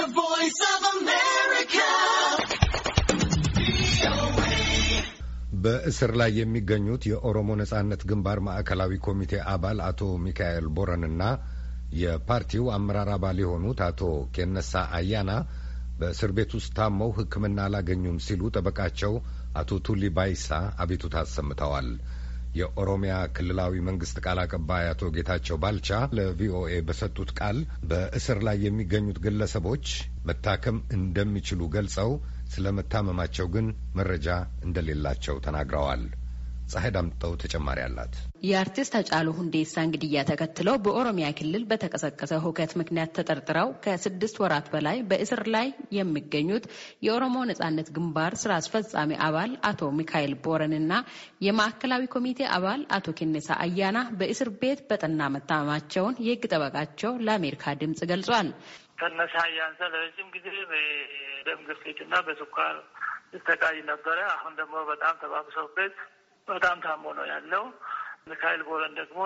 The Voice of America. በእስር ላይ የሚገኙት የኦሮሞ ነጻነት ግንባር ማዕከላዊ ኮሚቴ አባል አቶ ሚካኤል ቦረንና የፓርቲው አመራር አባል የሆኑት አቶ ኬነሳ አያና በእስር ቤት ውስጥ ታመው ሕክምና አላገኙም ሲሉ ጠበቃቸው አቶ ቱሊ ባይሳ አቤቱታ አሰምተዋል። የኦሮሚያ ክልላዊ መንግስት ቃል አቀባይ አቶ ጌታቸው ባልቻ ለቪኦኤ በሰጡት ቃል በእስር ላይ የሚገኙት ግለሰቦች መታከም እንደሚችሉ ገልጸው ስለ መታመማቸው ግን መረጃ እንደሌላቸው ተናግረዋል። ፀሐይ ዳምጠው ተጨማሪ አላት። የአርቲስት አጫሉ ሁንዴሳ ግድያ ተከትሎ በኦሮሚያ ክልል በተቀሰቀሰ ሁከት ምክንያት ተጠርጥረው ከስድስት ወራት በላይ በእስር ላይ የሚገኙት የኦሮሞ ነጻነት ግንባር ስራ አስፈጻሚ አባል አቶ ሚካኤል ቦረን እና የማዕከላዊ ኮሚቴ አባል አቶ ኬኔሳ አያና በእስር ቤት በጠና መታመማቸውን የህግ ጠበቃቸው ለአሜሪካ ድምጽ ገልጿል። ከነሳ አያንሰ ለረጅም ጊዜ በደም ግፊት በስኳር ይሰቃይ ነበረ። አሁን ደግሞ በጣም ተባብሰውበት በጣም ታሞ ነው ያለው። ሚካኤል ቦረን ደግሞ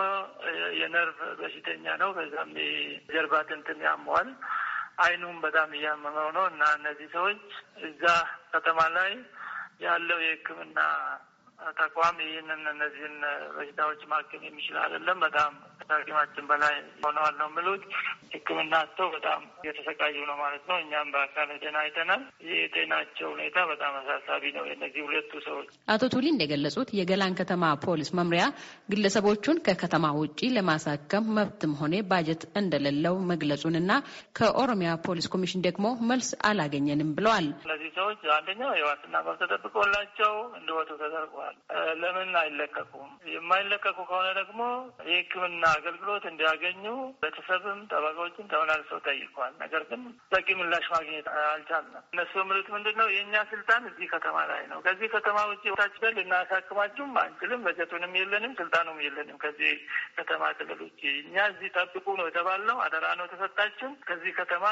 የነርቭ በሽተኛ ነው። በዛም የጀርባ ትንትን ያመዋል። አይኑም በጣም እያመመው ነው እና እነዚህ ሰዎች እዛ ከተማ ላይ ያለው የሕክምና ተቋም ይህንን እነዚህን በሽታዎች ማከም የሚችል አይደለም። በጣም ከታሪማችን በላይ ሆነዋል ነው የምሉት። ሕክምና አጥተው በጣም እየተሰቃዩ ነው ማለት ነው። እኛም በአካል ሄደን አይተናል። የጤናቸው ሁኔታ በጣም አሳሳቢ ነው የእነዚህ ሁለቱ ሰዎች። አቶ ቱሊ እንደገለጹት የገላን ከተማ ፖሊስ መምሪያ ግለሰቦቹን ከከተማ ውጪ ለማሳከም መብትም ሆነ ባጀት እንደሌለው መግለጹንና ከኦሮሚያ ፖሊስ ኮሚሽን ደግሞ መልስ አላገኘንም ብለዋል። እነዚህ ሰዎች አንደኛው የዋስትና መብት ተጠብቆላቸው እንዲወጡ ተደርጓል። ለምን አይለቀቁም? የማይለቀቁ ከሆነ ደግሞ የሕክምና አገልግሎት እንዲያገኙ ቤተሰብም ጠበቃዎችን ተመላልሰው ጠይቋል። ነገር ግን በቂ ምላሽ ማግኘት አልቻልንም። እነሱ ምልክ ምንድን ነው የእኛ ስልጣን እዚህ ከተማ ላይ ነው። ከዚህ ከተማ ውጭ ታችበል ልናሳክማችሁም አንችልም። በጀቱንም የለንም፣ ስልጣኑም የለንም። ከዚህ ከተማ ክልል ውጭ እኛ እዚህ ጠብቁ ነው የተባልነው። አደራ ነው የተሰጣችን። ከዚህ ከተማ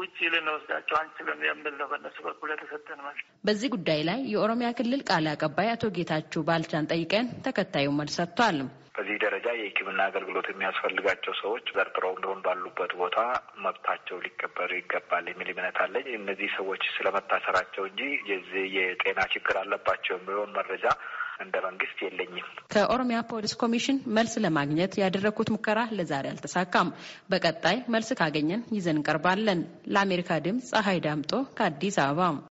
ውጭ ልንወስዳቸው አንችልም የምል ነው በእነሱ በኩል የተሰጠን መልስ። በዚህ ጉዳይ ላይ የኦሮሚያ ክልል ቃል አቀባይ አቶ ጌታችሁ ባልቻን ጠይቀን ተከታዩ መልስ ሰጥቷል። በዚህ ደረጃ የሕክምና አገልግሎት የሚያስፈልጋቸው ሰዎች ዘርጥረው እንደሆን ባሉበት ቦታ መብታቸው ሊከበር ይገባል የሚል እምነት አለኝ። እነዚህ ሰዎች ስለመታሰራቸው እንጂ የዚህ የጤና ችግር አለባቸው የሚሆን መረጃ እንደ መንግስት የለኝም። ከኦሮሚያ ፖሊስ ኮሚሽን መልስ ለማግኘት ያደረግኩት ሙከራ ለዛሬ አልተሳካም። በቀጣይ መልስ ካገኘን ይዘን እንቀርባለን። ለአሜሪካ ድምፅ ፀሐይ ዳምጦ ከአዲስ አበባ